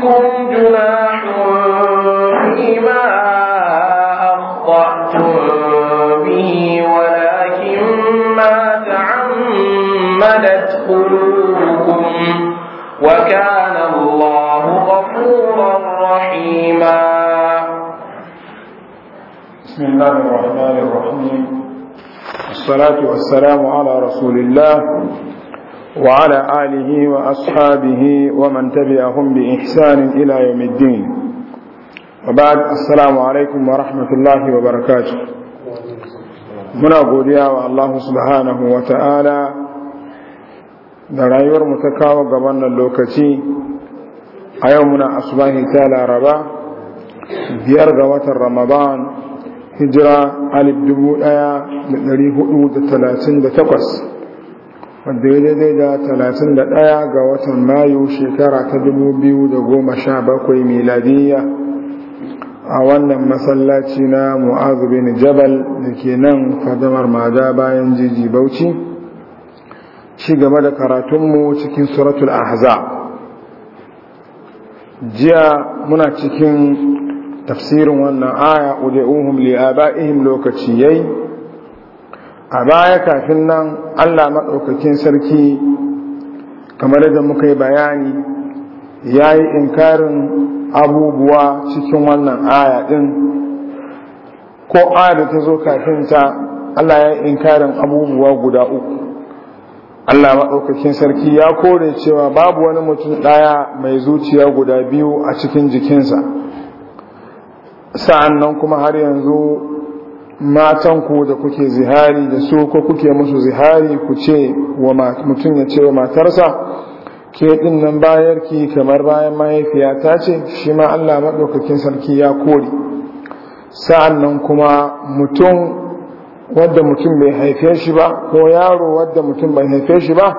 جناح فيما أخطأتم به ولكن ما قلوبكم وكان الله غفورا رحيما بسم الله الرحمن الرحيم والصلاة والسلام على رسول الله وعلى آله وأصحابه ومن تبعهم بإحسان إلى يوم الدين وبعد السلام عليكم ورحمة الله وبركاته من أقول يا الله سبحانه وتعالى نغير متكاو قبلنا اللوكتي أيومنا أصباه تالا ربا ديار غوات رمضان هجرة على الدبوء آية لريه أود الثلاثين بتقص wadda ya daidai da 31 ga watan mayu shekara ta 2017 miladiyya a wannan masallaci na mu'azu bin jabal da ke nan fadamar mada bayan jiji bauchi ci gaba da karatunmu cikin suratul ahza jiya muna cikin tafsirin wannan aya ude'uhum li'aba'ihim lokaci yayi a baya kafin nan allah maɗaukakin sarki kamar da muka yi bayani ya yi inkarin abubuwa cikin wannan aya ɗin ko aya da ta zo kafin ta allah ya yi inkarin abubuwa guda uku Allah maɗaukakin sarki ya kore cewa babu wani mutum ɗaya mai zuciya guda biyu a cikin jikinsa sa'an nan kuma har yanzu matan ku da kuke zihari da su ko kuke musu zihari ku ce wa mutum ya ce wa matarsa ke din nan bayar ki kamar bayan mahaifiya ta ce shi ma Allah maɗaukakin sarki ya kore sa'an nan kuma mutum wadda mutum bai haife shi ba ko yaro wadda mutum bai haife shi ba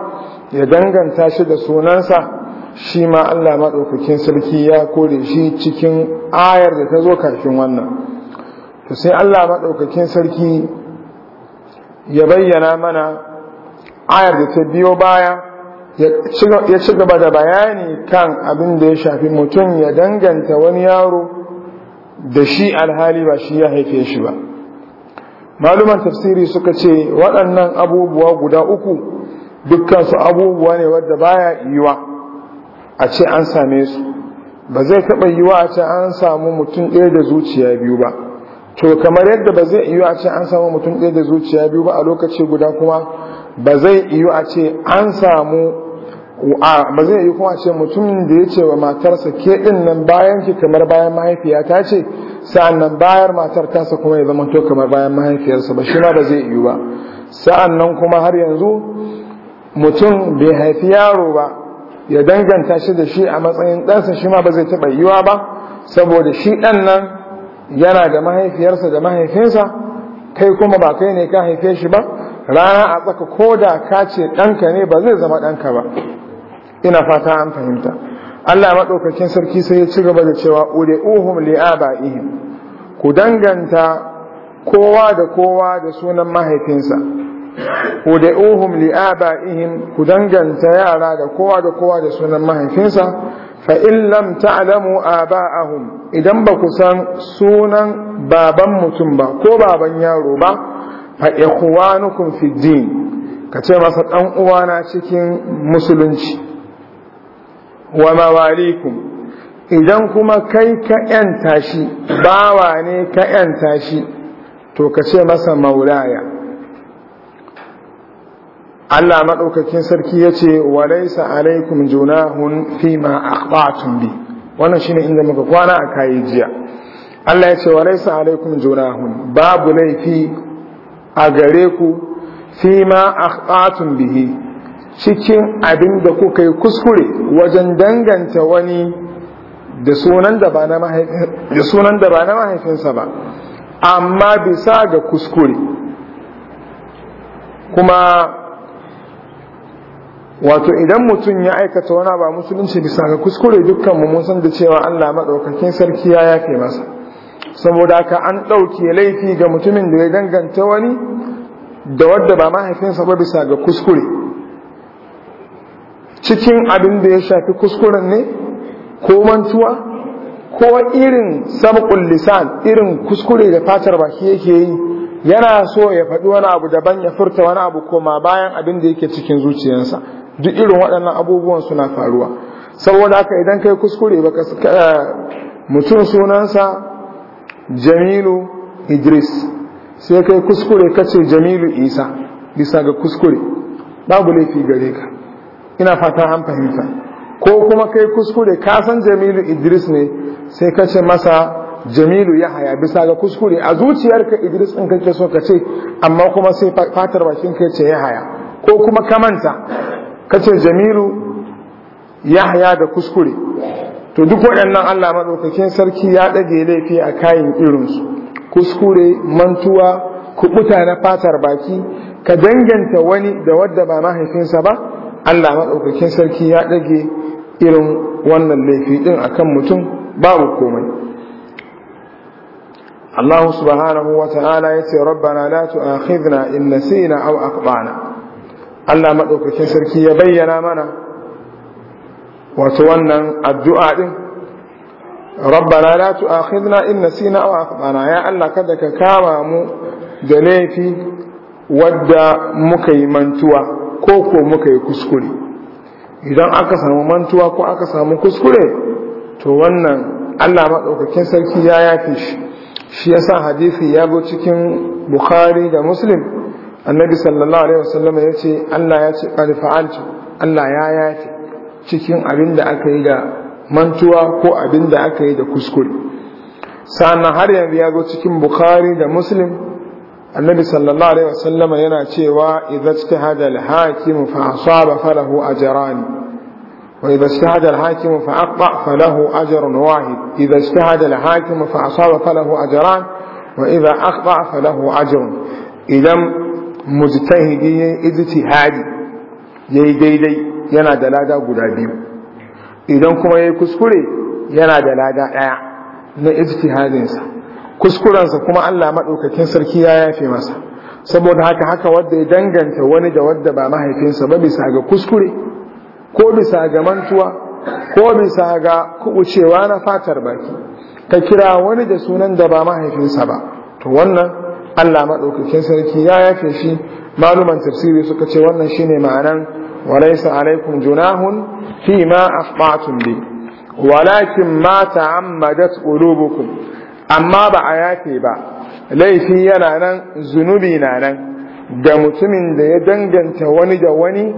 ya danganta shi da sunansa shi ma Allah maɗaukakin sarki ya kore shi cikin ayar da ta zo kafin wannan to sai Allah maɗaukakin sarki ya bayyana mana ayar da ta biyo baya ya ci gaba da bayani kan abin da ya shafi mutum ya danganta wani yaro da shi alhali ba shi ya haife shi ba maluman tafsiri suka ce waɗannan abubuwa guda uku dukkansu abubuwa ne wadda baya yiwa a ce an same su ba zai taɓa yiwa a ce an samu mutum ɗaya da zuciya biyu ba to kamar yadda ba zai iya a ce an samu mutum ɗaya da zuciya biyu ba a lokaci guda kuma ba zai iya a ce an samu ba zai iya kuma ce mutumin da ya ce wa matarsa ke ɗin nan bayan ki kamar bayan mahaifiya ta ce sa'an nan bayar matar tasa kuma ya zama to kamar bayan mahaifiyarsa ba shi ma ba zai iya ba sa'an nan kuma har yanzu mutum bai haifi yaro ba ya danganta shi da shi a matsayin ɗansa shi ma ba zai taɓa yiwa ba saboda shi ɗan nan yana da mahaifiyarsa da mahaifinsa kai kuma ba kai ne ka haife shi ba rana a tsaka ko da ka ce ɗanka ne ba zai zama ɗanka ba ina fata an fahimta Allah maɗaukakin sarki sai ya ci gaba da cewa ure uhum ihin ku danganta kowa da kowa da sunan mahaifinsa ure uhum ihin ku danganta yara da kowa da kowa da sunan mahaifinsa fa in lam ta'lamu aba'ahum idan ba ku san sunan baban mutum ba ko baban yaro ba fa ikhwanukum fi din ka ce masa dan uwana cikin musulunci wa mawalikum idan kuma kai ka yanta shi bawa ne ka yanta shi to ka ce masa maulaya Allah maɗaukakin sarki ya ce wa laisa alaikum junahun fi ma akhbatun bi wannan shine inda muka kwana a kayi jiya Allah ya ce wa laisa alaikum junahun babu laifi a gare ku fi ma akhbatun bihi cikin abin da kuka yi kuskure wajen danganta wani da sunan da ba na mahaifinsa ba amma bisa ga kuskure kuma wato idan mutum ya aikata wani ba musulunci bisa ga kuskure dukkan mu san da cewa Allah madaukakin sarki ya yafe masa saboda haka an ɗauke laifi ga mutumin da ya danganta wani da wadda ba mahaifinsa ba bisa ga kuskure cikin abin da ya shafi kuskuren ne ko mantuwa ko irin sabqul lisan irin kuskure da fatar baki yake yi yana so ya faɗi wani abu daban ya furta wani abu koma bayan abin da yake cikin zuciyarsa duk irin waɗannan abubuwan suna faruwa saboda haka idan kai kuskure baka mutum sunansa jamilu idris sai kai kuskure kace jamilu isa bisa ga kuskure babu laifi gare ka ina fata an fahimta ko kuma kai kuskure ka san jamilu idris ne sai kace masa jamilu ya haya bisa ga kuskure a zuciyarka idris ɗin kake so ka ce amma kuma sai fatar bakin ka ce ya haya ko kuma kamanta kace jamilu yahya da kuskure to duk waɗannan Allah madaukakin sarki ya ɗage laifi a kayan irin su. kuskure mantuwa kubuta na fatar baki ka danganta wani da wadda ba mahaifinsa ba Allah madaukakin sarki ya ɗage irin wannan laifi din akan mutum babu komai subhanahu wa ta'ala yace rabbana la tu'akhidhna in nasina aw أقطعنا Allah maɗaukakin sarki ya bayyana mana wato wannan addu'a ɗin rabbana la tu'akhidna in nasina aw akhtana ya Allah kada ka kama mu da laifi wadda muka yi mantuwa ko ko muka yi kuskure idan aka samu mantuwa ko aka samu kuskure to wannan Allah madaukakin sarki ya yafi shi shi yasa hadisi ya bi cikin Bukhari da Muslim annabi sallallahu alaihi wasallam ya ce Allah ya ce qad fa'altu Allah ya yace cikin abin da aka yi da mantuwa ko abin da aka yi da kuskure sannan har yanzu ya zo cikin bukhari da muslim annabi sallallahu alaihi wasallam yana cewa idza ijtahada al-hakim fa asaba falahu ajran wa idza al-hakim fa aqta falahu ajrun wahid idza al-hakim fa asaba falahu ajran wa idza falahu ajrun idan mujtahidi ya ijtihadi yayi daidai yana da lada guda biyu idan kuma yayi kuskure yana da lada daya na ijtihadin sa kuskuren sa kuma Allah madaukakin sarki ya yafe masa saboda haka haka wanda ya danganta wani da wanda ba mahaifinsa ba bisa ga kuskure ko bisa ga mantuwa ko bisa ga kubucewa na fatar baki ka kira wani da sunan da ba mahaifinsa ba to wannan Allah maɗaukakin sarki ya yafe shi maluman tafsiri suka ce wannan shine ma'anan walaysa alaikum junahun fi ma asbatum bi walakin ma ta'ammadat qulubukum amma ba a yafe ba laifi yana nan zunubi na nan ga mutumin da ya danganta wani da wani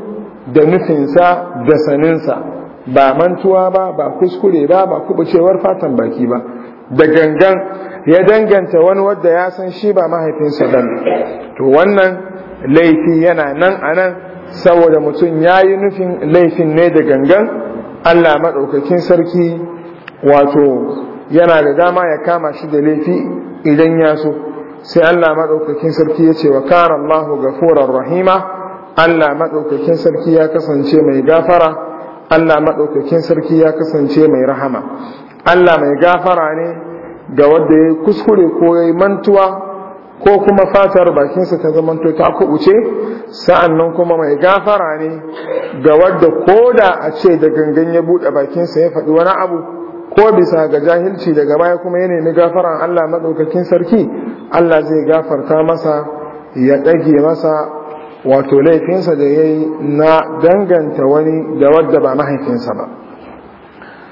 da nufinsa da saninsa ba mantuwa ba ba kuskure ba ba kubucewar fatan baki ba da gangan ya danganta wani wadda ya san shi ba mahaifinsa ba to wannan laifi yana nan a nan saboda mutum ya yi nufin laifin ne da gangan allah maɗaukakin sarki wato yana da dama ya kama shi da laifi idan ya so sai allah maɗaukakin sarki ya ce wa kara allahu gafurar rahima allah maɗaukakin sarki ya kasance mai gafara allah maɗaukakin sarki ya kasance mai rahama allah mai gafara ne ga wanda ya kuskure ko ya yi mantuwa ko kuma fatar bakinsa ta zamanto ta kubuce nan kuma mai gafara ne ga wadda ko da a ce da gangan ya buɗe bakinsa ya faɗi wani abu ko bisa ga jahilci daga baya kuma ya nemi gafaran Allah maɗaukakin sarki Allah zai gafarta masa ya ɗage masa wato laifinsa da ya yi na danganta wani da wadda ba mahaifinsa ba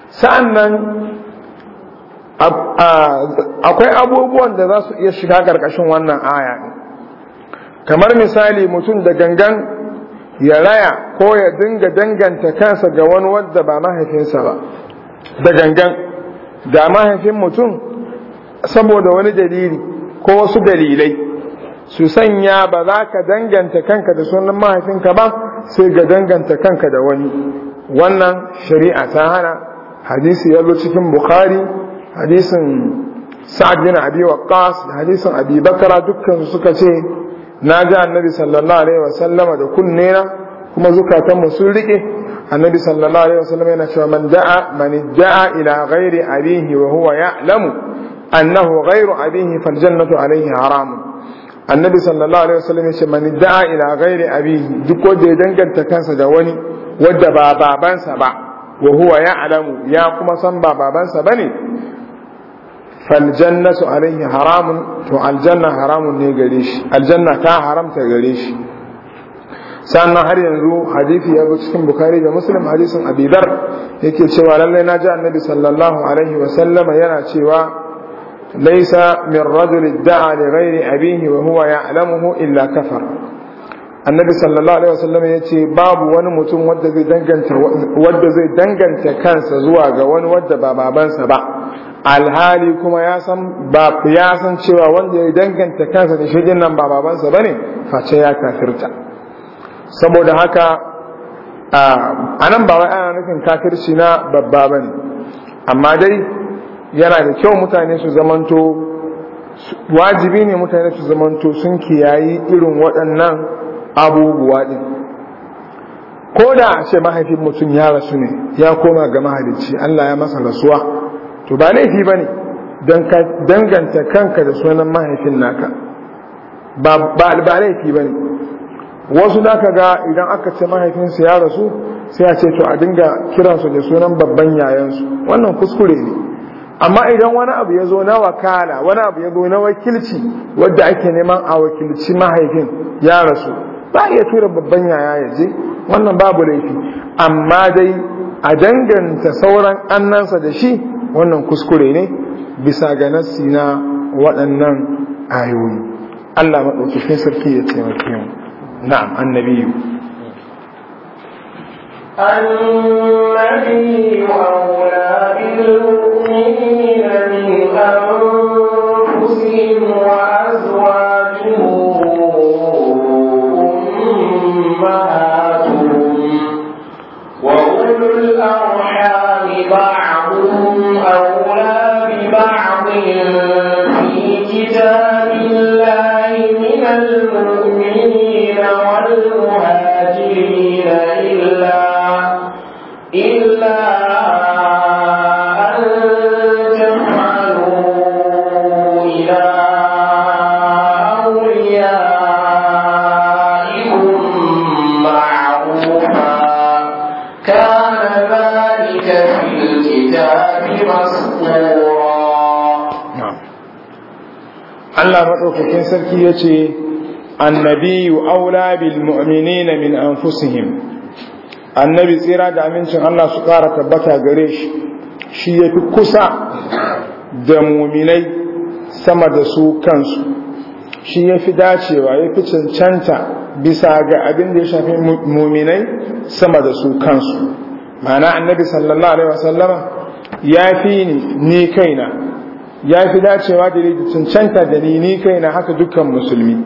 Sa'an nan. akwai abubuwan da za su iya shiga ƙarƙashin wannan aya kamar misali mutum da gangan ya raya ko ya dinga danganta kansa ga wani wadda ba mahaifinsa ba da gangan ga mahaifin mutum saboda wani dalili ko wasu dalilai su sanya ba za ka danganta kanka da sunan mahaifinka ba sai ga danganta kanka da wani wannan shari'a ta hana hadisi ya zo cikin bukari hadisin sa'ad bin abi waqqas da hadisin abi bakara dukkan suka ce na ji annabi sallallahu alaihi wa sallama da kunne na, kuma zukatanmu sun rike annabi sallallahu alaihi wa sallama yana cewa man da'a man da'a ila ghairi abihi wa huwa ya'lamu annahu ghairu abihi fal jannatu alaihi haram annabi sallallahu alaihi wa wasallam yace man da'a ila ghairi abihi duk wanda ya danganta kansa da wani wanda ba babansa ba wa huwa ya'lamu ya kuma san ba babansa bane faljannatu alaihi haramun to aljanna haramun ne gare shi aljanna ta haramta gare shi sannan har yanzu hadisi ya zo cikin bukari da muslim hadisin abidar yake cewa lallai na ji annabi sallallahu alaihi wa sallama yana cewa laisa min rajul da'a li ghairi abihi wa huwa ya'lamuhu illa kafar annabi sallallahu alaihi wa sallama yace babu wani mutum wanda zai danganta wanda zai danganta kansa zuwa ga wani wanda ba babansa ba alhali kuma ya san ba ya san cewa wanda ya danganta kansa da shigin nan ba babansa bane face ya kafirta saboda haka a nan ba wai ana nufin kafirci na babba bane amma dai yana da kyau mutane su zamanto wajibi ne mutane su zamanto sun kiyayi irin waɗannan abubuwa ɗin. ko da a ce mahaifin mutum ya rasu ne ya koma ga mahalicci Allah ya masa rasuwa to ba laifi ba ne don ka danganta kanka da sunan mahaifin naka ba ba laifi ba ne wasu da ka ga idan aka ce mahaifinsu ya rasu sai a ce to a dinga kiransu da sunan babban yayansu wannan kuskure ne amma idan wani abu ya zo na wakala wani abu ya zo na wakilci wadda ake neman a wakilci mahaifin ya rasu ba iya tura babban yaya ya je wannan babu laifi amma dai a danganta sauran annansa da shi wannan kuskure ne bisa ga nassi na waɗannan ayoyi Allah maɗaukakin sarki ya taimake mu na'am annabiyu ne na biyu a أنفسهم بعضنا ببعض Allah maɗaukakin sarki ya ce annabiyu aula bil mu'minina min anfusihim annabi tsira da amincin Allah su ƙara tabbata gare shi shi ya fi kusa da muminai sama da su kansu shi ya fi dacewa ya fi cancanta bisa ga abin da ya shafi muminai sama da su kansu ma'ana annabi sallallahu alaihi wasallama ya fi ni ni kaina ya fi dacewa da ni cancanta da ni ni na haka dukkan musulmi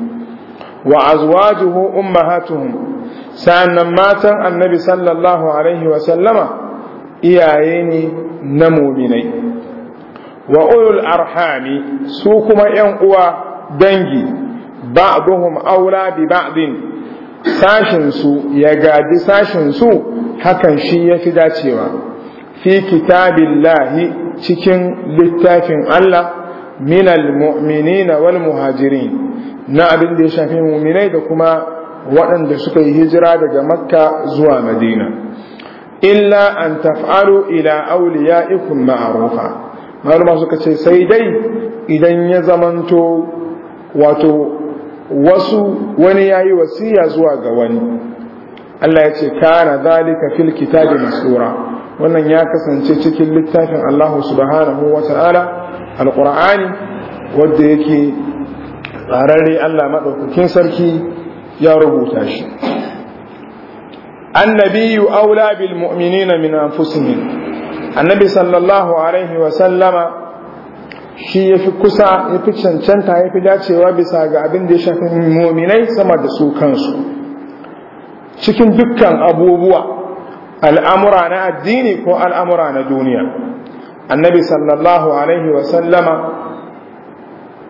wa azwajuhu ummahatuhum sa'annan matan annabi sallallahu alaihi wa sallama iyaye ne na mu'minai wa ulul arhami su kuma yan uwa dangi ba'duhum aula bi ba'din sashin su ya gadi sashin su hakan shi yafi dacewa fi kitabillahi cikin littafin Allah minal mu'minina wal muhajirin na abin da ya shafi mu'minai da kuma waɗanda suka yi hijira daga makka zuwa madina illa an taf'alu ila awliyaikum ma'rufa malama suka ce sai dai idan ya zamanto wato wasu wani yayi wasiya zuwa ga wani Allah ya ce kana zalika fil kitabi masura wannan ya kasance cikin littafin Allah subhanahu wa ta'ala alqur'ani wanda yake tsararre Allah madaukakin sarki ya rubuta shi annabiyyu aula bil mu'minina min anfusihim annabi sallallahu alaihi wa sallama shi yafi kusa yafi cancanta yafi dacewa bisa ga abin da ya shafi mu'minai sama da su kansu cikin dukkan abubuwa al'amura na addini ko al'amura na duniya annabi sallallahu alaihi wasallama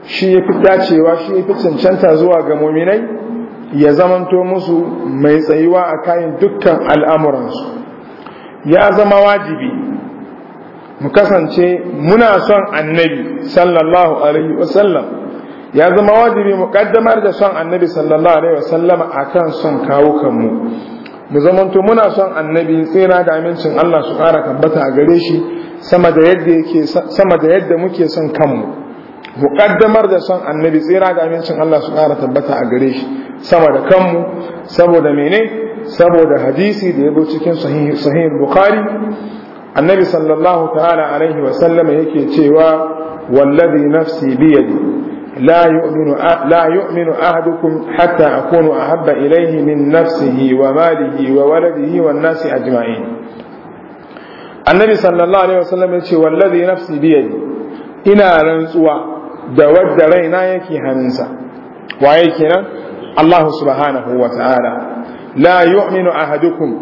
shi ya fi dacewa shi ya fi cancanta zuwa ga muminai ya zamanto musu mai tsayuwa a kayan dukkan al'amuransu ya zama wajibi mu kasance muna son annabi sallallahu alaihi wasallam ya zama wajibi mu kaddamar da son annabi sallallahu alaihi wasallam akan son kawo kanmu mu zamanto muna son annabi tsira da amincin Allah su ƙara tabbata a gare shi sama da yadda yake sama da yadda muke son kanmu mu da son annabi tsira da amincin Allah su ƙara tabbata a gare shi sama da kanmu saboda mene saboda hadisi da yabo cikin sahih sahih bukhari annabi sallallahu ta'ala alaihi wa sallama yake cewa wallazi nafsi biyadi لا يؤمن لا يؤمن احدكم حتى اكون احب اليه من نفسه وماله وولده والناس اجمعين. النبي صلى الله عليه وسلم يقول والذي نفسي بيدي إنا رنسوا دود رينا يكي هنسا وعيكنا الله سبحانه وتعالى لا يؤمن أحدكم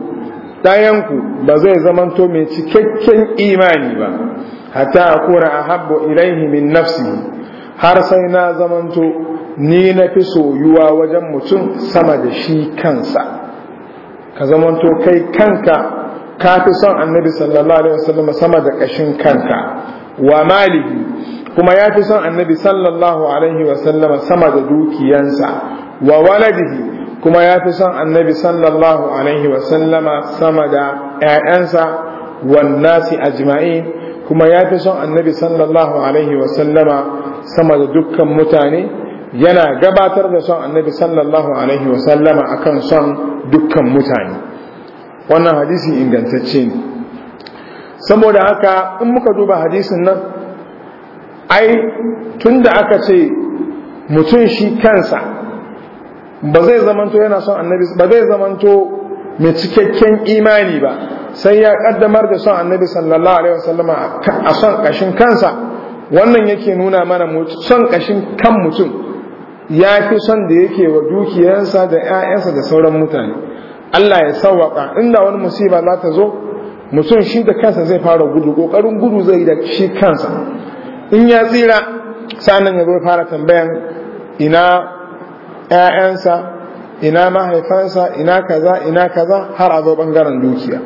تاينكو بزي زمن تومي تككن ايماني با حتى أكون احب اليه من نفسه har sai na zamanto ni na fi soyuwa wajen mutum sama da shi kansa ka zamanto kai kanka ka fi son annabi sallallahu alaihi wasallam sama da ƙashin kanka wa malihi kuma ya fi son annabi sallallahu alaihi wasallama sama da dukiyansa wa waladihi kuma ya fi son annabi sallallahu alaihi wasallama sama da ‘ya'yansa wannasi ajma'in kuma ya fi son annabi sallallahu alaihi wasallama sama da dukkan mutane yana gabatar da son annabi sallallahu alaihi wa sallama akan son dukkan mutane wannan hadisi ingantacce ne saboda haka in muka duba hadisin nan ai tunda aka ce mutum shi kansa ba zai zamanto yana son annabi ba zai zamanto mai cikakken imani ba sai ya kaddamar da son annabi sallallahu alaihi wa sallama a son kashin kansa wannan yake nuna mana son kashin kan mutum ya fi son da yake wa dukiyarsa da 'ya'yansa da sauran mutane Allah ya in inda wani musiba za ta zo mutum shi da kansa zai fara gudu kokarin gudu zai da shi kansa in ya tsira sanin ya zai fara tambayan ina 'ya'yansa ina mahaifansa ina kaza ina kaza har a zo bangaren dukiya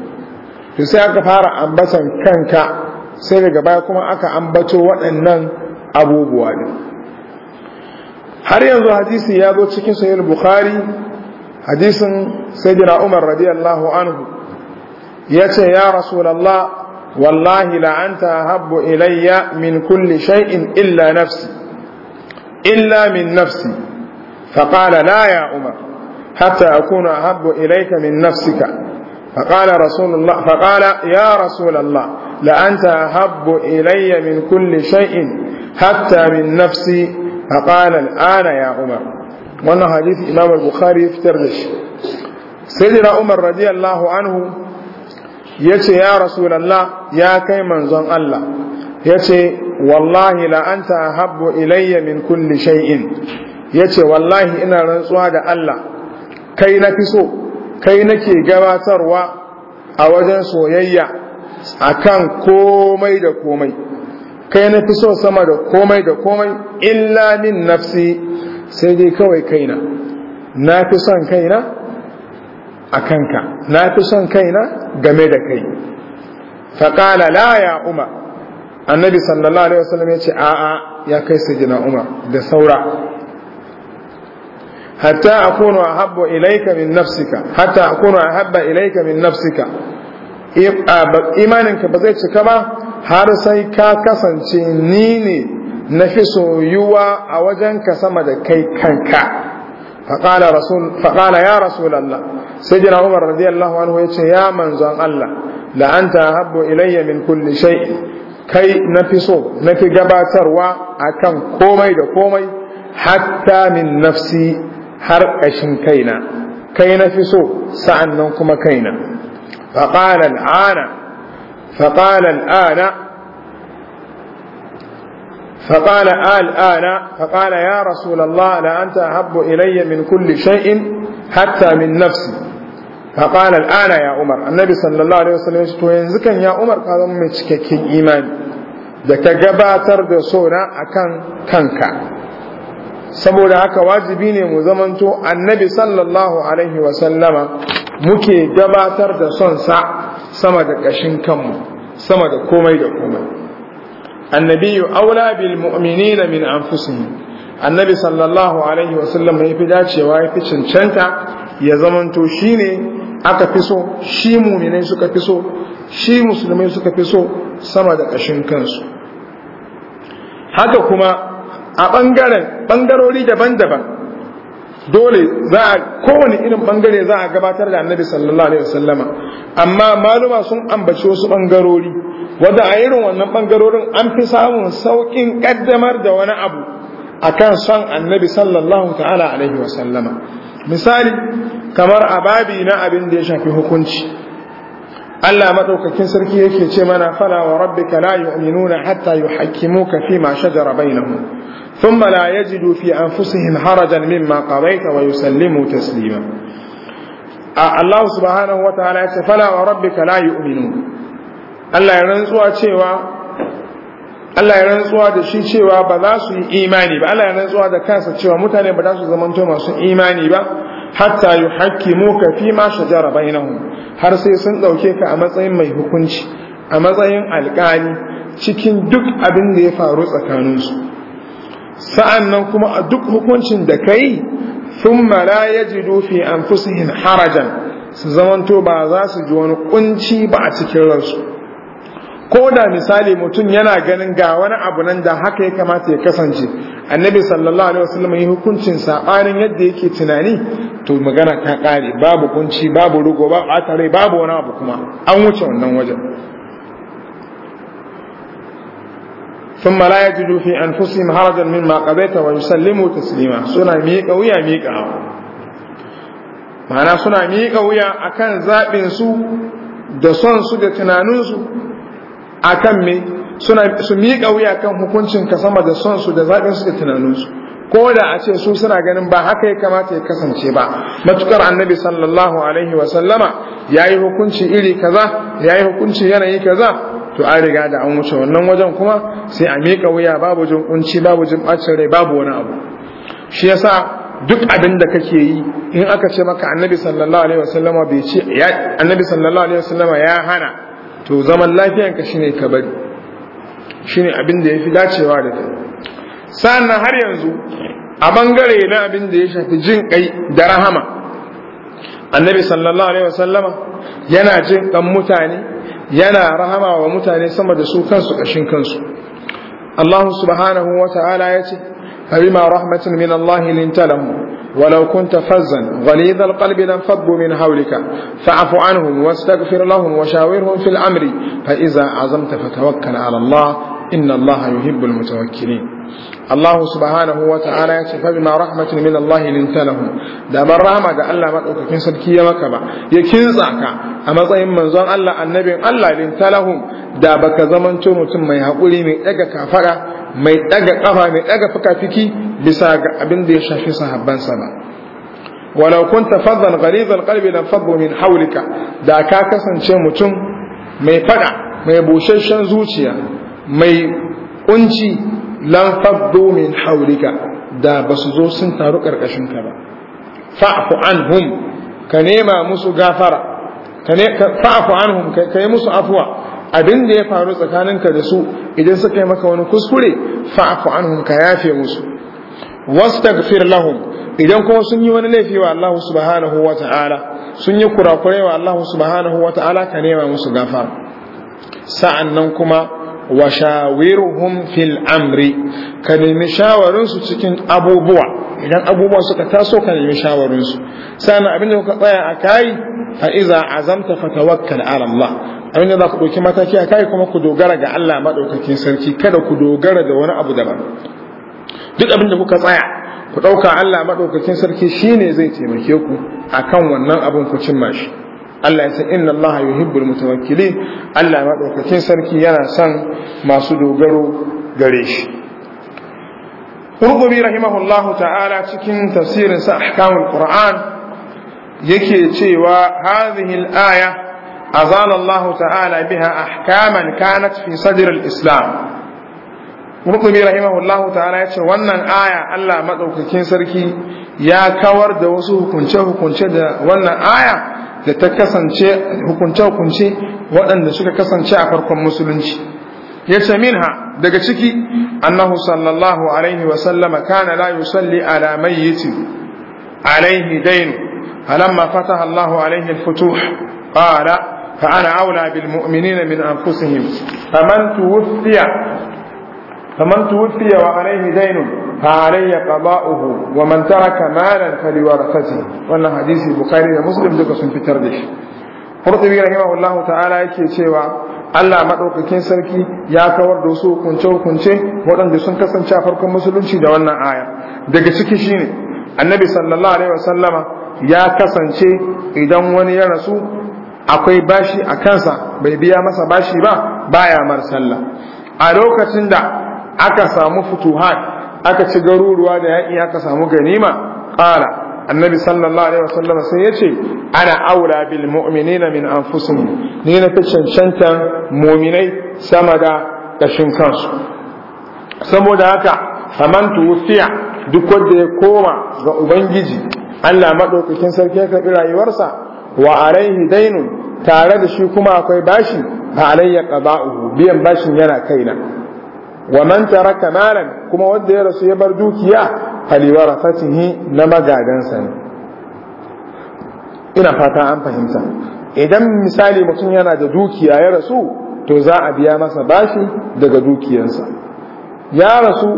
to sai aka fara ambatan kanka sai daga baya kuma aka ambato waɗannan abubuwa ne har yanzu hadisi ya zo cikin sahih bukhari hadisin sayyidina umar radiyallahu anhu yace ya rasulullah wallahi la anta habbu ilayya min kulli shay'in illa nafsi illa min nafsi faqala la ya umar hatta akuna habbu ilayka min nafsika فقال رسول الله فقال يا رسول الله لأنت أحب إلي من كل شيء حتى من نفسي فقال الآن يا عمر وانا حديث إمام البخاري افتردش سيدنا عمر رضي الله عنه يتي يا رسول الله يا كي منزون الله يتي والله لأنت أحب إلي من كل شيء يتي والله إن رسول الله كي نفسه kai nake gabatarwa a wajen soyayya akan komai da komai kai na fi so sama da komai da komai illa min nafsi sai dai kawai kaina na fi son kaina a kanka na fi son kaina game da kai faƙala la ya umar annabi sallallahu alaihi wasallam ya ce a'a ya kai sajina umar da saura hatta a ahabbu ilayka min nafsika hatta akunu ahabba ilayka min nafsika imaninka ba zai cika ba har sai ka kasance ni ne na fi a wajenka sama da kai kanka فقال رسول فقال يا رسول الله سيدنا عمر رضي الله عنه يقول يا من زان الله لأنت أحب إلي من كل شيء كي نفسه نفي جباتر وأكن كومي دكومي حتى من نفسي har kashin kaina kai na fi so sa'an nan kuma kaina faƙala al'ana faƙala al'ana فقال الآن فقال يا رسول الله لأنت أحب إلي من كل شيء حتى من نفسي فقال الآن يا عمر النبي صلى الله عليه وسلم to yanzu kan ya Umar ka zama mai cikakken imani da ka gabatar da sona akan kanka saboda haka wajibi ne mu zamanto annabi sallallahu alaihi sallama muke gabatar da son sa sama da ƙashin kanmu sama da komai da komai annabiyu aula bil mu'minina min anfusihim annabi sallallahu alaihi wasallam ya fi dacewa ya fi cancanta ya zamanto shine aka fi so shi muminai suka fi so shi musulmai suka fi so sama da ƙashin kansu haka kuma a ɓangaren ɓangarori daban-daban dole za a kowane irin ɓangare za a gabatar da annabi sallallahu alaihi wasallama amma maluma sun ambaci wasu ɓangarori wadda a irin wannan ɓangarorin an fi samun sauƙin ƙaddamar da wani abu akan son annabi sallallahu ta'ala alaihi wasallama misali kamar a babi na abin da ya shafi hukunci Allah madaukakin sarki yake ce mana fala wa rabbika la yu'minuna hatta yuhaqqimuka fi ma shajara bainahum ثم لا يجدوا في أنفسهم حرجا مما قضيت ويسلموا تسليما الله سبحانه وتعالى فلا وربك لا يؤمنون Allah ya rantsuwa cewa Allah ya rantsuwa da shi cewa ba za su yi imani ba Allah ya rantsuwa da kansa cewa mutane ba za su zamanto masu imani ba hatta yuhakkimu ka fi ma shajara bainahum har sai sun dauke ka a matsayin mai hukunci a matsayin alƙali cikin duk abin da ya faru tsakaninsu sa'an nan kuma a duk hukuncin da ka yi sun mara ya ji dofi an fusihin harajan su zamanto ba za su ji wani kunci ba a cikin ransu ko da misali mutum yana ganin ga wani abu nan da haka ya kamata ya kasance annabi sallallahu alaihi wasallam yi hukuncin sabanin yadda yake tunani to magana ta kare babu kunci babu rugo babu atare babu wani abu kuma an wuce wannan wajen ثم ya يجدوا في أنفسهم هرجا مما قضيت ويسلموا تسليما سنة ميقا ويا ميقا ma'ana suna miƙa wuya a kan zaɓinsu da sonsu da tunaninsu a kan me su miƙa wuya kan hukuncin ka sama da sonsu da zaɓinsu da tunaninsu ko da a ce su suna ganin ba haka ya kamata ya kasance ba matukar annabi sallallahu alaihi ya yi hukunci iri kaza ya yi hukunci yanayi kaza to an riga da an wuce wannan wajen kuma sai a miƙa wuya babu jin kunci babu jin ɓacin rai babu wani abu shi yasa duk abin da kake yi in aka ce maka annabi sallallahu alaihi wasallama bai ce ya annabi sallallahu alaihi wasallama ya hana to zaman lafiyanka shine ka bari shine abin da yafi dacewa da kai sannan har yanzu a bangare na abin da ya shafi jin kai da rahama annabi sallallahu alaihi wasallama yana jin kan mutane yana rahama wa mutane sama da su kansu ƙashin kansu Allah subhanahu wa ta'ala ya ce abima rahmatin min Allah linta lahum walau kunta fazzan ghalid alqalb lam fabbu min hawlika fa'fu wa shawirhum amri fa iza azamta fatawakkal ala inna allaha yuhibbul mutawakkilin Allah subhanahu wa ta'ala ya ce fa bima rahmatin min Allah da ban rahama da Allah madaukakin sarki ya maka ba ya kintsa ka a matsayin manzon Allah annabin Allah linta da baka zamanto mutum mai haƙuri mai daga kafara mai daga kafa mai daga fikafiki bisa ga abin da ya shafi sahabbansa ba ولو كنت فظا غليظ القلب لانفضوا من حولك da ka kasance mutum mai fada mai busasshen zuciya mai kunci lan faddu min haulika da basu zo sun taru karkashin ka ba fa'fu anhum ka nema musu gafara ka ne fa'fu anhum ka yi musu afwa abin da ya faru tsakaninka da su idan suka yi maka wani kuskure fa'fu anhum ka yafe musu wastaghfir lahum idan kuma sun yi wani laifi wa Allah subhanahu wa ta'ala sun yi kurakurai wa Allah subhanahu wa ta'ala ka nema musu gafara sa'annan kuma wa shawirhum fil amri ka nemi shawarinsu cikin abubuwa idan abubuwa suka taso ka nemi shawarinsu sannan abin da kuka tsaya a kai fa iza azamta tawakkal ala Allah abin da ku ɗauki mataki a kai kuma ku dogara ga Allah maɗaukakin sarki kada ku dogara da wani abu daban duk abin da kuka tsaya ku ɗauka Allah maɗaukakin sarki shine zai taimake ku akan wannan abun ku cimma shi Allah ya san inna Allah yuhibbul mutawakkilin Allah sarki yana son masu dogaro gare shi Rukubi rahimahullahu ta'ala cikin tafsirin sa ahkamul Qur'an yake cewa hadhihi al-aya azala Allah ta'ala biha ahkaman kanat fi sadr al-islam Rukubi rahimahullahu ta'ala ya ce wannan aya Allah madaukakin sarki ya kawar da wasu hukunce-hukunce da wannan aya da ta kasance hukunce-hukunce waɗanda suka kasance a farkon musulunci ya ce minha daga ciki annahu sallallahu alaihi wasallama kana la yusalli ala mayyiti alaihi dainu falamma fataha Allahu alaihi al-futuh qala fa ana aula bil mu'minina min anfusihim faman tuwfiya فمن توفي وعليه دين فعلي قضاؤه ومن ترك مالا فلورثته وانا حديث البخاري ومسلم ذكر في fitar da shi Qurtubi rahimahullahu ta'ala yake cewa Allah madaukakin sarki ya kawar da su hukunce hukunce waɗanda sun kasance a farkon musulunci da wannan aya daga ciki shine Annabi sallallahu alaihi wasallama ya kasance idan wani ya rasu akwai bashi a kansa bai biya masa bashi ba baya mar sallah a lokacin da aka samu futuhat aka ci garuruwa da yaƙi aka samu ganima ƙara annabi sallallahu alaihi wasallam sai yace ana aura bil mu'minina min anfusihim ne na fi cancantan mu'minai sama da kashin kansu saboda haka faman tuwfiya duk wanda ya koma ga ubangiji Allah madaukakin sarki ya karbi rayuwarsa wa alaihi dainu tare da shi kuma akwai bashi ba alayya qada'uhu biyan bashin yana kaina wa man taraka malan kuma wanda ya rasu ya bar dukiya faliwarasatihi na magadansa ne ina fata an fahimta idan misali mutum yana da dukiya ya rasu to za a biya masa bashi daga dukiyarsa ya rasu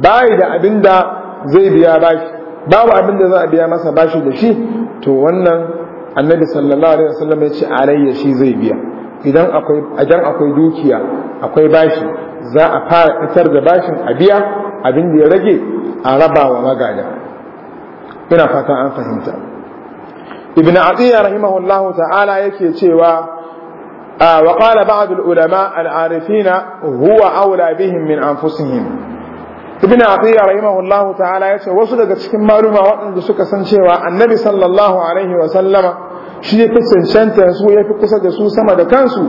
bayi da abin da zai biya bashi babu abin da za a biya masa bashi da shi to wannan annabi sallallahu alaihi wasallam ya ce alayya shi zai biya idan akwai idan akwai dukiya akwai bashi za a fara isar da bashin a biya abin da ya rage a raba wa magada ina fata an fahimta ibn atiyya rahimahullahu ta'ala yake cewa wa qala ba'd al-ulama al-arifina huwa aula bihim min anfusihim ibn atiyya rahimahullahu ta'ala yace wasu daga cikin maluma waɗanda suka san cewa annabi sallallahu alaihi wa sallama shi ya fi cancanta su ya fi kusa da su sama da kansu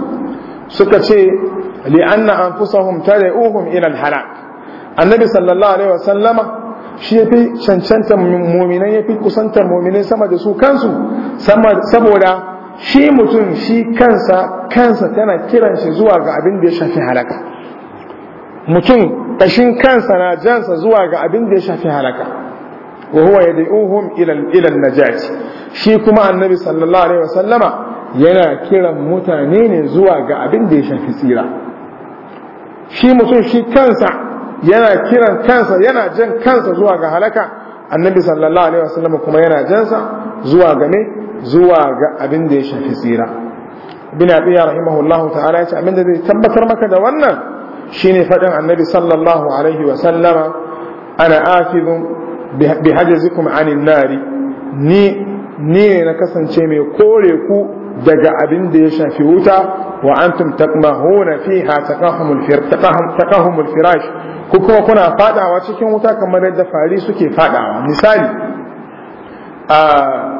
suka ce li'anna anfusahum tad'uhum ila al-halak annabi sallallahu alaihi wasallama shi yafi cancanta mu'minai yafi kusantar mu'minai sama da su kansu saboda shi mutum shi kansa kansa tana kiran shi zuwa ga abin da ya shafi halaka mutum kashin kansa na jansa zuwa ga abin da ya shafi halaka wa huwa yad'uhum ila ila najati shi kuma annabi sallallahu alaihi wasallama yana kiran mutane ne zuwa ga abin da ya shafi tsira shi mutum shi kansa yana kiran kansa yana jan kansa zuwa ga halaka annabi sallallahu alaihi wasallam kuma yana jansa zuwa ga me zuwa ga abin da ya shafi tsira bin abiya rahimahullahu ta'ala ya ce abin da zai tabbatar maka da wannan shine fadin annabi sallallahu alaihi wasallama ana afidun bi hajazikum anin nari ni ni ne na kasance mai kore ku daga abin da ya shafi wuta وأنتم تقمهون فيها تقاهم الفر تقاهم تقاهم الفراش كوكو كنا فادا وشكي متى كما رد فاري سكي فادا مثالي آه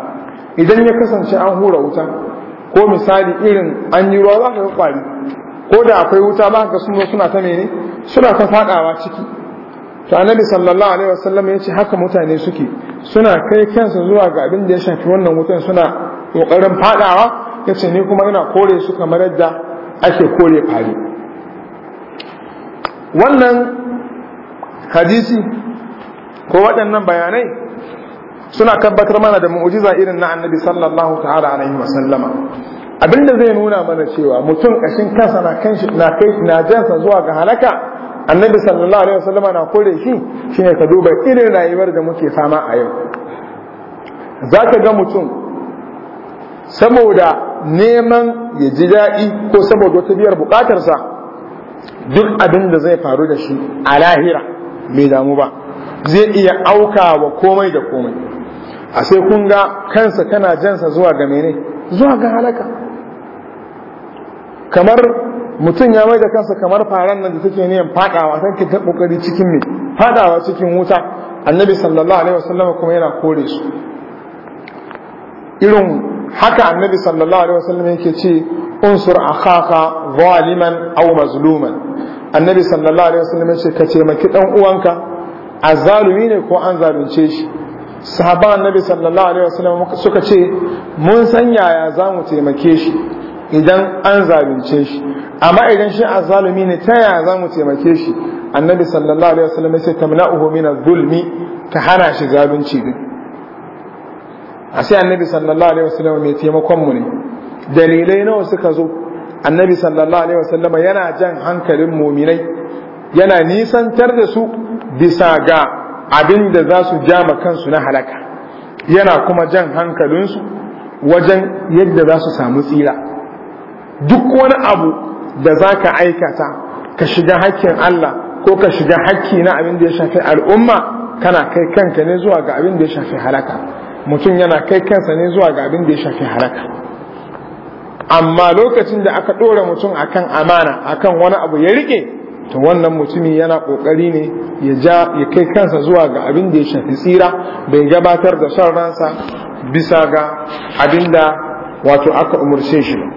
idan ya kasance an hura wuta, ko misali irin an yi ruwa za ka ga kwari ko da akwai wuta ba ka sun suna ta mene suna ta fadawa ciki to annabi sallallahu alaihi wasallam ya ce haka mutane suke suna kai kansu zuwa ga abin da ya shafi wannan wutan suna kokarin fadawa yace ne kuma ina kore su kamar yadda ake kore fari wannan hadisi ko waɗannan bayanai suna tabbatar mana da mu'ujiza irin na annabi sallallahu ta'ala alaihi wa sallama abinda zai nuna mana cewa mutum kashin kansa na kanshi na kai na jansa zuwa ga halaka annabi sallallahu alaihi wa na kore shi shine ka duba irin rayuwar da muke fama a yau zaka ga mutum saboda neman ya ji daɗi ko saboda wata biyar bukatarsa duk abin da zai faru da shi a lahira mai damu ba zai iya auka wa komai da komai a sai kun ga kansa kana jansa zuwa ga mene zuwa ga halaka kamar mutum ya mai da kansa kamar faran nan da take niyan fadawa sai ta kokari cikin mai fadawa cikin wuta annabi sallallahu alaihi wasallam kuma yana kore su irin haka annabi sallallahu alaihi wasallam yake ce unsur akhaka zaliman aw mazluman annabi sallallahu alaihi wasallam yace ka taimaki dan uwanka azalumi ne ko an zalunce shi sahaban annabi sallallahu alaihi wasallam suka ce mun san yaya za mu taimake shi idan an zalunce shi amma idan shi azalumi ne ta yaya za mu taimake shi annabi sallallahu alaihi wasallam yace tamna'uhu min az-zulmi ka hana shi zalunci din a sai annabi sallallahu alaihi wasallam mai taimakon mu ne dalilai nawa suka zo annabi sallallahu alaihi wasallam yana jan hankalin muminai yana nisantar da su bisa ga abin da za su jama kansu na halaka yana kuma jan hankalinsu wajen yadda za su samu tsira duk wani abu da za ka aikata ka shiga hakkin Allah ko ka shiga hakki na abin da ya shafi al'umma kana kai kanka ne zuwa ga abin da ya shafi halaka mutum yana kai kansa ne zuwa ga abin da ya shafi haraka amma lokacin da aka ɗora mutum akan amana akan wani abu ya riƙe, to wannan mutumi yana ƙoƙari ne ya ja ya kai kansa zuwa ga abin da ya shafi tsira bai gabatar da son ransa bisa ga abin da wato aka umarce shi ba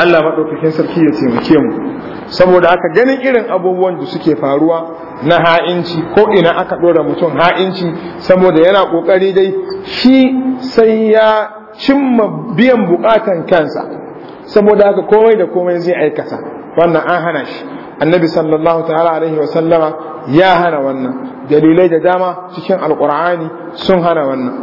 Allah maɗaukakin sarki ya taimake mu saboda aka ganin irin abubuwan da suke faruwa na ha'inci ko ina aka ɗora mutum ha'inci saboda yana ƙoƙari dai shi sai ya cimma biyan buƙatan kansa saboda haka komai da komai zai aikata wannan an hana shi annabi sallallahu ta'ala alaihi wa sallama ya hana wannan dalilai da dama cikin alkur'ani sun hana wannan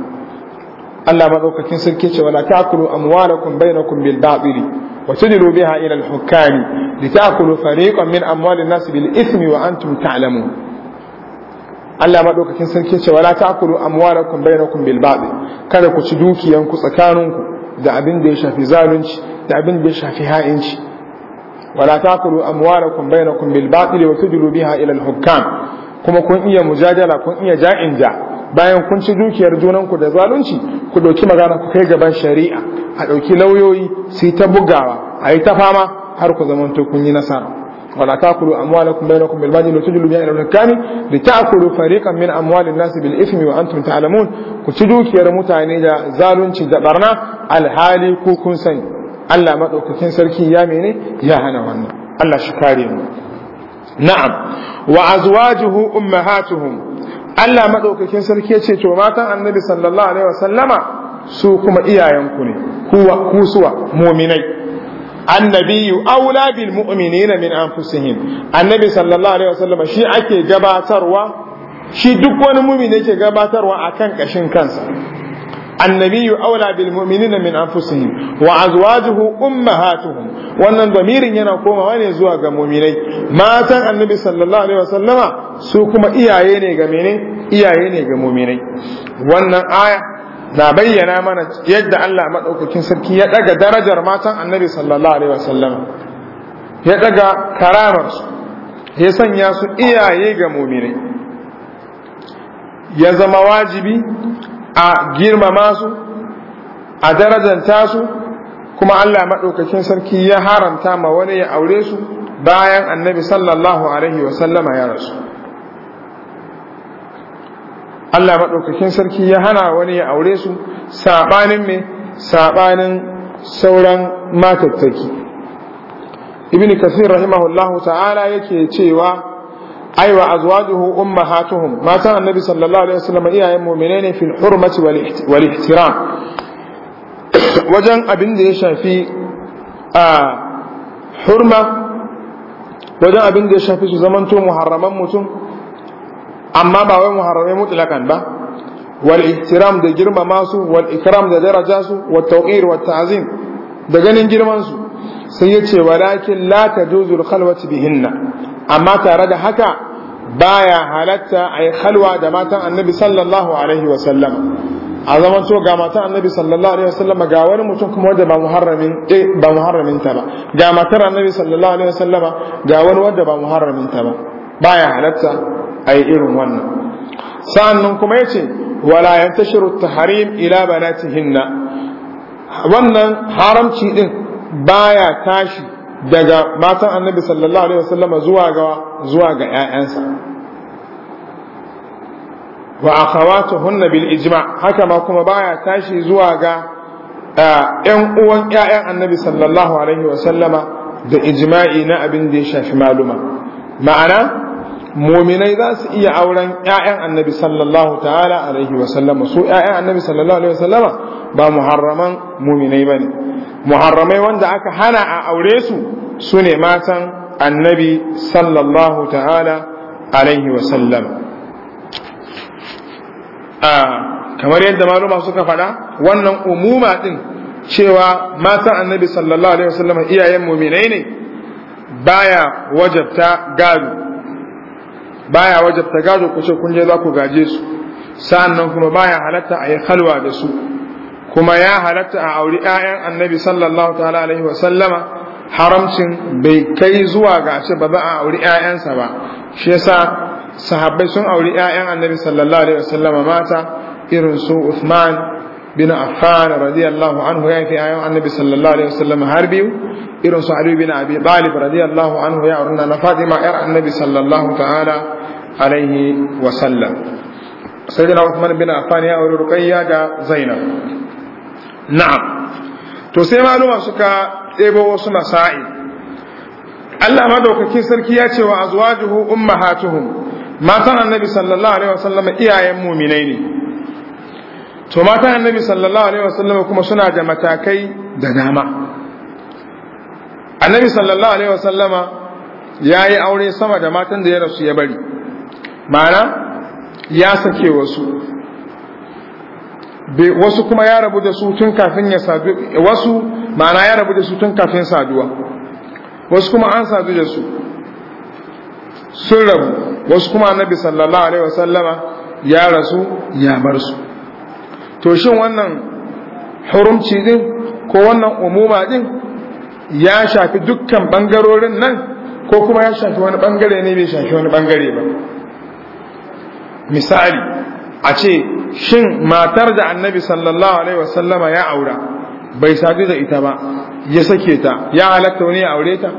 Allah madaukakin sarki ce wala ta'kulu amwalakum bainakum bil batili وتدلوا بها إلى الحكام لتأكلوا فريقا من أموال الناس بالإثم وأنتم تعلمون Allah maɗaukakin sarki ce wala ta'kulu amwalakum bainakum kun bilbaɗi, kada ku ci dukiyanku tsakaninku da abin da ya shafi zalunci da abin da ya shafi ha'inci wala ta'kulu amwalakum bainakum kun bilbaɗi, wa tudlu biha ila al hukam kuma kun iya mujadala kun iya ja'inja bayan kun ci dukiyar junanku da zalunci ku ɗauki magana ku kai gaban shari'a a ɗauki lauyoyi su yi ta bugawa a yi ta fama har ku zamanto kun yi nasara ولا تاكلوا اموالكم بينكم بالباطل وتجلوا بها الى الحكام لتاكلوا فريقا من اموال الناس بالاثم وانتم تعلمون كتدوا Ku ci dukiyar mutane da barna alhali ku kun sani Allah madaukakin sarki ya mene ya hana wannan Allah shi kare mu na'am wa azwajuhu ummahatuhum Allah madaukakin sarki ya ce to matan annabi sallallahu alaihi wasallama su kuma iyayenku ne kuwa kusuwa muminai annabiyu aula bil mu'minina min anfusihim annabi sallallahu alaihi wasallama shi ake gabatarwa shi duk wani mumini yake gabatarwa akan kashin kansa annabiyu aula bil mu'minina min anfusihim wa azwajuhu ummahatuhum wannan zamirin yana komawa ne zuwa ga mu'minai matan annabi sallallahu alaihi wasallama su kuma iyaye ne ga mene iyaye ne ga mu'minai wannan aya na bayyana mana yadda Allah madaukakin sarki ya daga darajar matan annabi sallallahu alaihi wasallama ya daga karamar su ya sanya su iyaye ga mu'minai ya zama wajibi a girmama su a darajanta su kuma Allah maɗaukakin sarki ya haramta ma wani ya aure su bayan annabi sallallahu alaihi wa sallama ya rasu Allah maɗaukakin sarki ya hana wani ya aure su saɓanin me saɓanin sauran matattaki ibn kasir rahimahullahu ta'ala yake cewa aiwa azwajuhu ummahatuhum matan annabi sallallahu alaihi wasallam iyayen mu'mine ne fil hurmati wal ihtiram wajen abin da ya shafi a hurma wajen abin da ya shafi su zamanto muharraman mutum amma ba wai muharramai mutlakan ba wal ihtiram da girmama su wal ikram da daraja su wat tawqir wat ta'zim da ganin girman su sai yace walakin la tajuzul khalwati bihinna amma tare da haka baya halatta a yi halwa da matan annabi sallallahu alaihi wasallam a zaman to ga matan annabi sallallahu alaihi wasallam ga wani mutum kuma wanda ba muharramin eh, ba muharramin ta ba ga matar annabi sallallahu alaihi wasallam ga wani wanda ba muharramin ta ba baya halatta a yi irin wannan sa'annan kuma yace wala yantashiru at-tahrim ila banatihinna wannan haramci din baya tashi daga matan annabi sallallahu alaihi wasallam zuwa ga zuwa ga ƴaƴansa wa akhawatuhun bil ijma haka ma kuma baya tashi zuwa ga ƴan uwan ƴaƴan annabi sallallahu alaihi wasallama da ijma'i na abin da ya shafi maluma ma'ana muminai za su iya auren ‘ya'yan annabi sallallahu ta'ala alaihi wasallama su ‘ya'yan annabi sallallahu alaihi wasallama ba muharraman muminai ba ne muharramai wanda aka hana a aure su su ne matan annabi sallallahu ta'ala alaihi wasallama kamar yadda maluma suka faɗa wannan umuma ɗin cewa matan annabi sallallahu alaihi wasallama iyayen muminai ne baya wajabta gado baya wajabta gado ku ce kun je za ku gaje su sa'annan kuma baya halatta a yi halwa da su kuma ya halatta a auri 'ya'yan annabi sallallahu ta'ala alaihi wa sallama haramcin bai kai zuwa ga ce ba za a auri 'ya'yansa ba shi yasa sahabbai sun auri 'ya'yan annabi sallallahu alaihi wa sallama mata irin su Uthman bin Affan radiyallahu anhu ya fi ayan annabi sallallahu alaihi wa sallama har biyu irin su Ali bin Abi Talib radiyallahu anhu ya aurna na Fatima yar annabi sallallahu ta'ala alaihi wa sallam sayyidina Uthman bin Affan ya aure Ruqayya da Zainab na'am to sai maluma suka ɗebo wasu masail Allah madaukakin sarki ya ce wa azwajuhu ummahatuhum matan annabi sallallahu alaihi wasallam iyayen muminai ne to matan annabi sallallahu alaihi wasallam kuma suna da matakai da dama annabi sallallahu alaihi wasallama ya yi aure sama da matan da ya rasu ya bari ma'ana ya sake wasu wasu kuma ya rabu da su tun kafin ya sadu wasu ma'ana ya rabu da su tun kafin saduwa wasu kuma an sadu da su sun rabu wasu kuma annabi sallallahu alaihi wasallama ya rasu ya bar su to shin wannan hurumci din ko wannan umuma din ya shafi dukkan bangarorin nan ko kuma ya shafi wani bangare ne bai shafi wani bangare ba misali a ce shin matar da annabi sallallahu alaihi wasallama ya aura bai sadu da ita ba ya sake ta ya halatta wani ya aure ta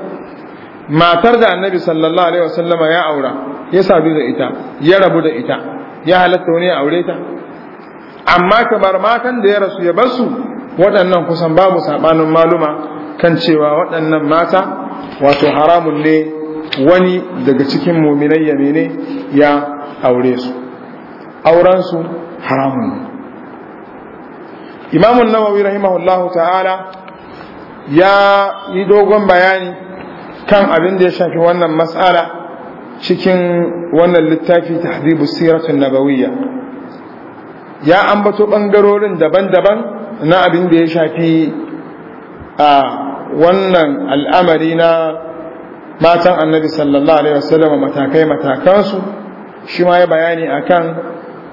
matar da annabi sallallahu alaihi wasallama ya aura ya sadu da ita ya rabu da ita ya halatta wani ya aure ta amma kamar matan da ya rasu ya basu waɗannan kusan babu saɓanin maluma kan cewa waɗannan mata wato haramun ne wani daga cikin muminai ya ya aure su auren su haramun imamun nawawi rahimahullahu ta'ala ya yi dogon bayani kan abin da ya shafi wannan matsala cikin wannan littafi hadibu siratun nabawiyya ya ambato bangarorin daban-daban na abin da ya shafi a wannan al'amari na matan annabi sallallahu alaihi wasallam matakai matakansu shi ma ya bayani a kan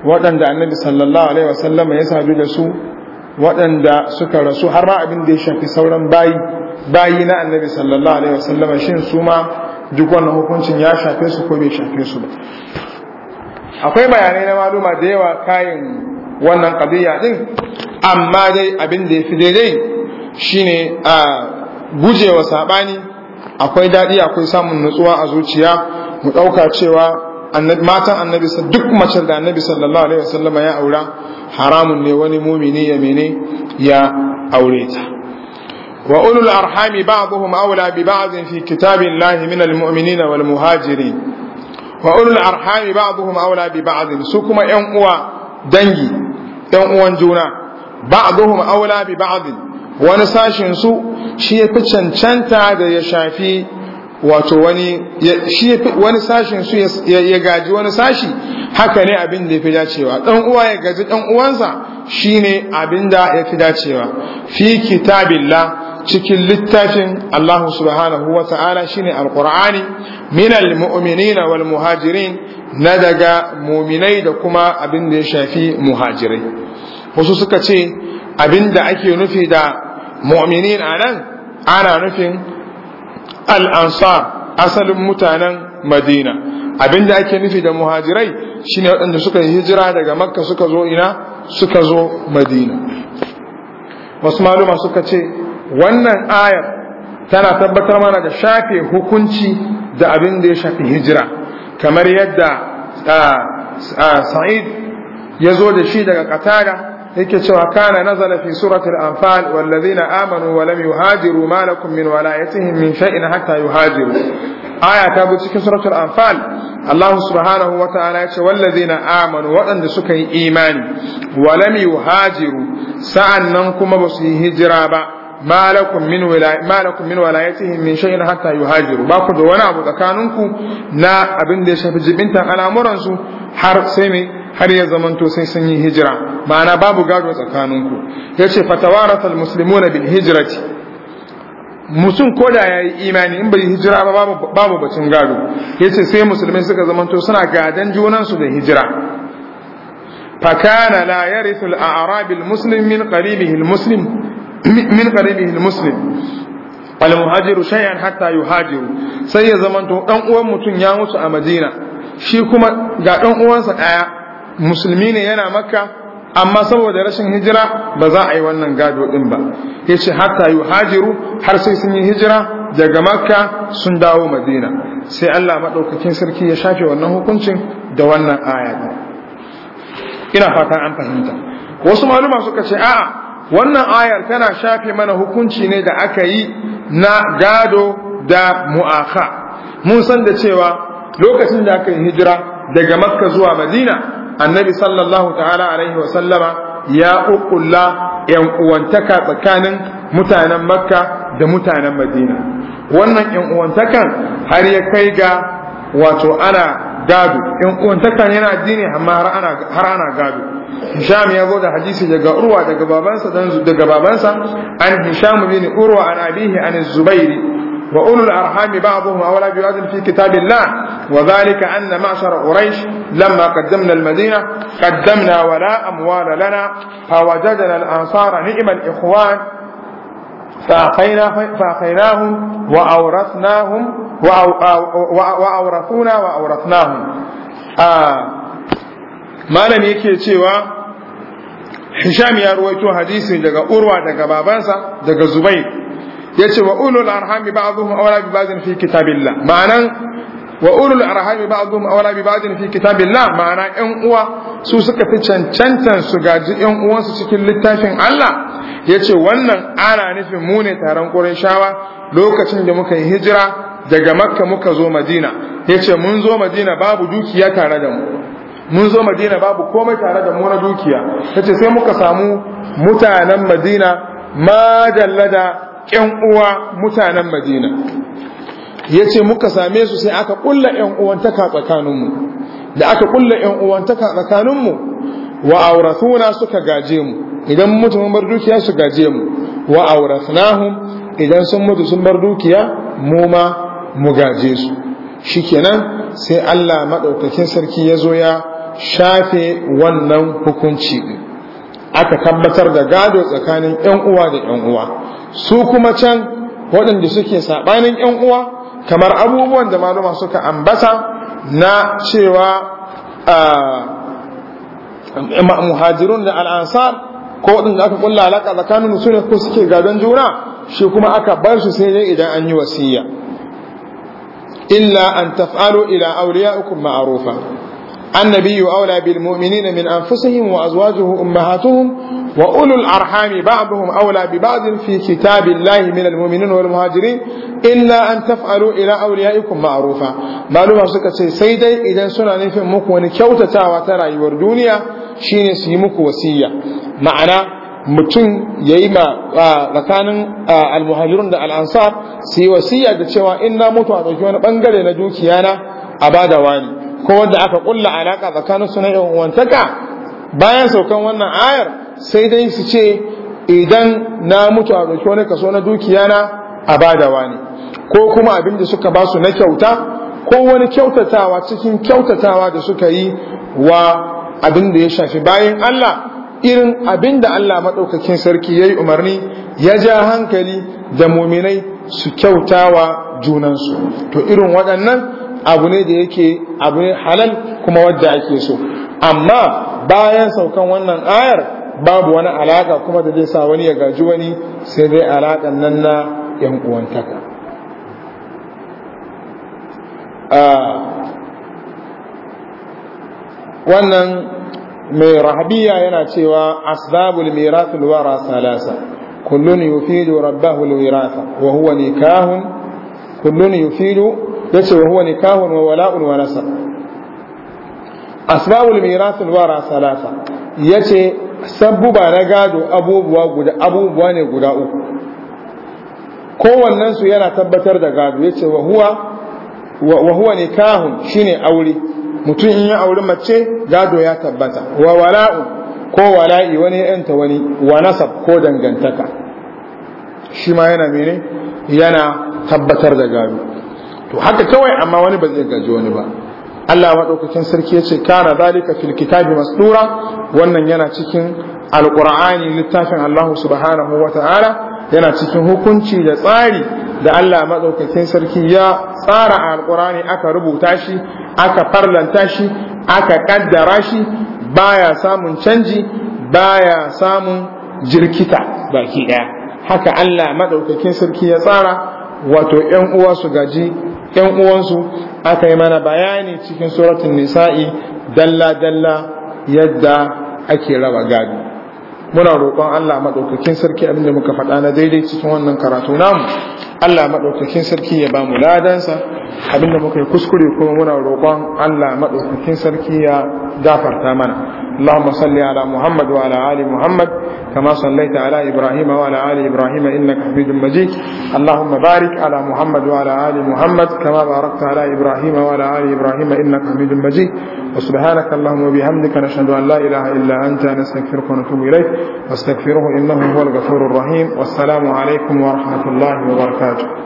waɗanda annabi sallallahu alaihi wasallam ya sadu da su waɗanda suka rasu har ma abin da ya shafi sauran bayi bayi na annabi sallallahu alaihi wasallam shin su ma duk wannan hukuncin ya shafe su ko bai shafe su ba akwai bayanai na maluma da yawa kayan wannan ƙaliyya din amma dai abin da fi daidai shine a gujewa saɓani, akwai daɗi, akwai samun nutsuwa a zuciya mu dauka cewa matan annabi duk mace da annabi sallallahu alaihi wasallama ya aura haramun ne wani mumini ya mene ya aure ta wa ulul arhami ba'dhum awla bi ba'd fi kitabillahi min almu'minina wal muhajirin wa ulul arhami ba'dhum awla bi ba'd su kuma ƴan uwa dangi yan uwan juna ba'dhum awla bi ba'd wani sashin su shi ya fi cancanta da ya shafi wato wani shi wani sashin su ya gaji wani sashi haka ne abin da ya fi dacewa dan uwa ya gaji dan uwansa shine abin da ya fi dacewa fi kitabillah cikin littafin Allah subhanahu wa ta'ala shine alqur'ani minal mu'minina wal muhajirin na daga muminai da kuma abin da ya shafi muhajirai wasu suka ce abin da ake nufi da mu'minin a nan ana nufin al asalin mutanen madina da ake nufi da muhajirai shine waɗanda suka yi hijira daga makka suka zo ina suka zo madina wasu maluma suka ce wannan ayar tana tabbatar mana da shafe hukunci da abin da ya shafi hijira kamar yadda ah, ah, sa'id ya zo da shi daga katara yake cewa kana nazala fi suratul anfal wallazina amanu wa lam yuhajiru ma lakum min walayatihim min shay'in hatta yuhajiru aya ta bi cikin suratul anfal Allah subhanahu wa ta'ala ya ce wallazina amanu waɗanda suka yi imani wa lam yuhajiru sa'annan kuma ba su yi hijira ba ma lakum min ma lakum min walayatihim min shay'in hatta yuhajiru ba ku da wani abu tsakaninku na abin da ya shafi jibintan al'amuransu har sai mai har ya zamanto sai sun yi hijira ma'ana babu gado tsakaninku yace fatawaratal musulmuna bil hijrati mutum ko da ya yi imani in bai hijira ba babu bacin gado ya ce sai musulmi suka zamanto suna gadan junansu da hijira fakana la ya risu al'arabil min qaribihil muslim min qaribihil muslim wal muhajiru shay'an hatta yuhajiru sai ya zamanto dan uwan mutum ya mutu a madina shi kuma ga dan uwansa daya musulmi ne yana makka amma saboda rashin hijira ba za a yi wannan gado din ba ya ce hatta yi hajiru har sai sun yi hijira daga makka sun dawo madina sai allah maɗaukakin sarki ya shafe wannan hukuncin da wannan aya ina fatan an fahimta wasu maluma suka ce a'a wannan ayar tana shafe mana hukunci ne da aka yi na gado da mu'aka mun san da cewa lokacin da aka yi hijira daga makka zuwa madina annabi sallallahu ta'ala alaihi wa sallama ya ukulla yan uwantaka tsakanin mutanen makka da mutanen madina wannan yan uwantakan har ya kai ga wato ana gado yan uwantakan yana addini amma har ana gado hisham ya bada da hadisi daga urwa daga babansa daga babansa an hisham bin urwa an abihi an zubairi وأولو الأرحام بعضهم أولى ببعض في كتاب الله وذلك أن معشر قريش لما قدمنا المدينة قدمنا ولا أموال لنا فوجدنا الأنصار نعم الإخوان فأخينا فأخيناهم وأورثناهم وأورثونا وأورثناهم آه malam yake cewa Hisham ya ruwaito hadisi daga Urwa daga babansa daga Zubair yace wa ulul arhami ba'dhum awla bi ba'dhin fi kitabillah ma'anan wa ulul arhami ba'dhum awla bi ba'dhin fi kitabillah ma'ana ɗan uwa su suka fi cancantan su gaji ɗan uwansu cikin littafin Allah yace wannan ana nufin mu ne taron Qurayshawa lokacin da muka yi hijira daga Makka muka zo Madina yace mun zo Madina babu dukiya tare da mu mun zo Madina babu komai tare da mu na dukiya yace sai muka samu mutanen Madina ma jallada ‘yan uwa mutanen Madina, ya ce muka same su sai aka ƙulla ‘yan uwantaka tsakaninmu, da aka ƙulla ‘yan uwantaka tsakaninmu wa auratuna suka gaje mu, idan mutu bar dukiya su gaje mu, wa auratnahum idan sun mutu sun bar dukiya mu ma mu gaje su. shi Shikenan sai Allah maɗaukakin sarki ya zo ya shafe wannan hukunci aka tabbatar da gado tsakanin ‘yan uwa da ‘yan uwa. su kuma can waɗanda suke saɓanin ‘yan uwa kamar abubuwan da maluma suka ambata na cewa muhajirun da al'ansar ko waɗanda aka kulla alaƙa tsakanin su ne ko suke gadon juna shi kuma aka bar su sai dai idan an yi wasiya illa an taf'alu ila awliyaikum ma'rufa annabi aula bil mu'minina min anfusihim wa azwajuhu ummahatuhum wa ulul arhami ba'dhum aulabi bi ba'd fi kitabillahi min al mu'minina wal an illa an taf'alu ila awliyaikum ma'arufa. maluma suka ce sai dai idan suna nufin muku wani kyautatawa ta rayuwar duniya shine su yi muku wasiya ma'ana mutum ya yi ma tsakanin almuhajirun da al'ansar su yi wasiya da cewa in na mutu a ɗauki wani ɓangare na dukiyana a bada wani ko wanda aka kulla alaka tsakanin su na yan uwantaka bayan saukan wannan ayar sai dai su ce idan na mutu a ɗauki wani kaso na dukiya na a badawa ne ko kuma abin da suka ba su na kyauta ko wani kyautatawa cikin kyautatawa da suka yi wa abin da ya shafi bayan Allah irin abin da Allah maɗaukakin sarki ya yi umarni ya ja hankali da muminai su kyautawa junansu to irin waɗannan abu ne da yake abu ne halal kuma wadda ake so amma bayan saukan wannan ayar babu wani alaka kuma da zai sa wani ya gaji wani sai dai alakan nan na yan uwantaka wannan mai rahabiya yana cewa asbabul miratul wara salasa kullun yufidu rabbahu alwirasa wa huwa nikahun kullun yufidu yace wa huwa nikahun wa wala'un wa nasab asbabul mirath al wara salasa yace sabbuba na gado abubuwa ne guda uku kowannen yana tabbatar da gado yace wa huwa wa huwa nikahun shine aure mutum in ya auri mace gado ya tabbata wa wala'u ko wala'i wani yanta wani wa nasab ko dangantaka shi ma yana mene yana tabbatar da gado to haka kawai amma wani ba zai gaji wani ba Allah maɗaukakin sarki yace ce kana zalika fil kitabi masdura wannan yana cikin alqur'ani littafin Allah subhanahu wa ta'ala yana cikin hukunci da tsari da Allah maɗaukakin sarki ya tsara a alqur'ani aka rubuta shi aka farlanta shi aka kaddara shi baya samun canji baya samun jirkita baki ɗaya haka Allah maɗaukakin sarki ya tsara wato ‘yan uwa su gaji yan uwansu aka yi mana bayani cikin suratul nisa'i dalla dalla yadda ake raba gado muna roƙon Allah maɗaukakin sarki abinda muka faɗa na daidai cikin wannan karatu namu Allah maɗaukakin sarki ya ba mu ladansa abinda muka yi kuskure kuma muna roƙon Allah maɗaukakin sarki ya gafarta mana اللهم صل على محمد وعلى آل محمد كما صليت على إبراهيم وعلى آل إبراهيم إنك حميد مجيد اللهم بارك على محمد وعلى آل محمد كما باركت على إبراهيم وعلى آل إبراهيم إنك حميد مجيد وسبحانك اللهم وبحمدك نشهد أن لا إله إلا أنت نستغفرك ونتوب إليك واستغفروه إنه هو الغفور الرحيم والسلام عليكم ورحمة الله وبركاته